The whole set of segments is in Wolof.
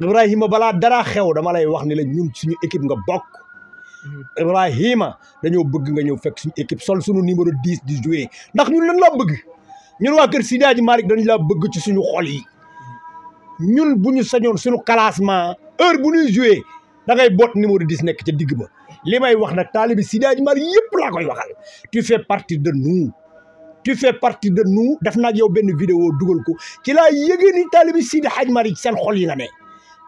Ibrahima balaa dara xew dama lay wax ni la ñun suñu équipe nga bokk mhm. Ibrahima dañoo bëgg nga ñëw fekk suñu équipe sol sunu numéro dis di jouer ndax ñun lan laa bëgg ñun waa kër Sidi Hadji Malick dañ laa bëgg ci suñu xol yi ñun bu ñu sañoon suñu classement heure bu ñuy jouer da boot numéro 10 nekk ca digg ba li may wax nag taalibi Sidi Hadji Malick yëpp laa koy waxal tu fais partie de nous tu fais partie de nous def naa ak benn vidéo dugal ko ci laa yëgee ni taalibi Sidi Hadji Malick seen xol yi nga ne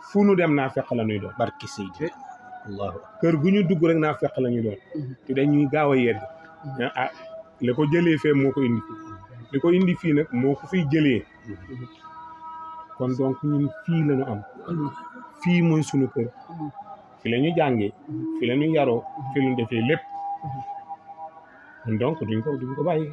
fu nu dem naa fekk la ñuy doon barki siit eh. Allah kër gu ñu dugg rek naa fekk la ñuy doon mhm. te dañuy gaaw a yedd mhm. ah, ah li ko jëlee fee moo ko indi li ko indi fii nag moo ko fiy jëlee mhm. donc fii la ñu fii mooy sunu kër la ñu jàngee fi la ñu yaroo fi la ñu defee lépp kon donc duñ ko duñ ko bàyyi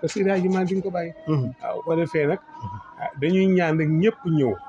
parce que daal ma maa duñ ko bàyyi waaw ah, ko defee nag ah, dañuy ñaan rek ñëpp ñëw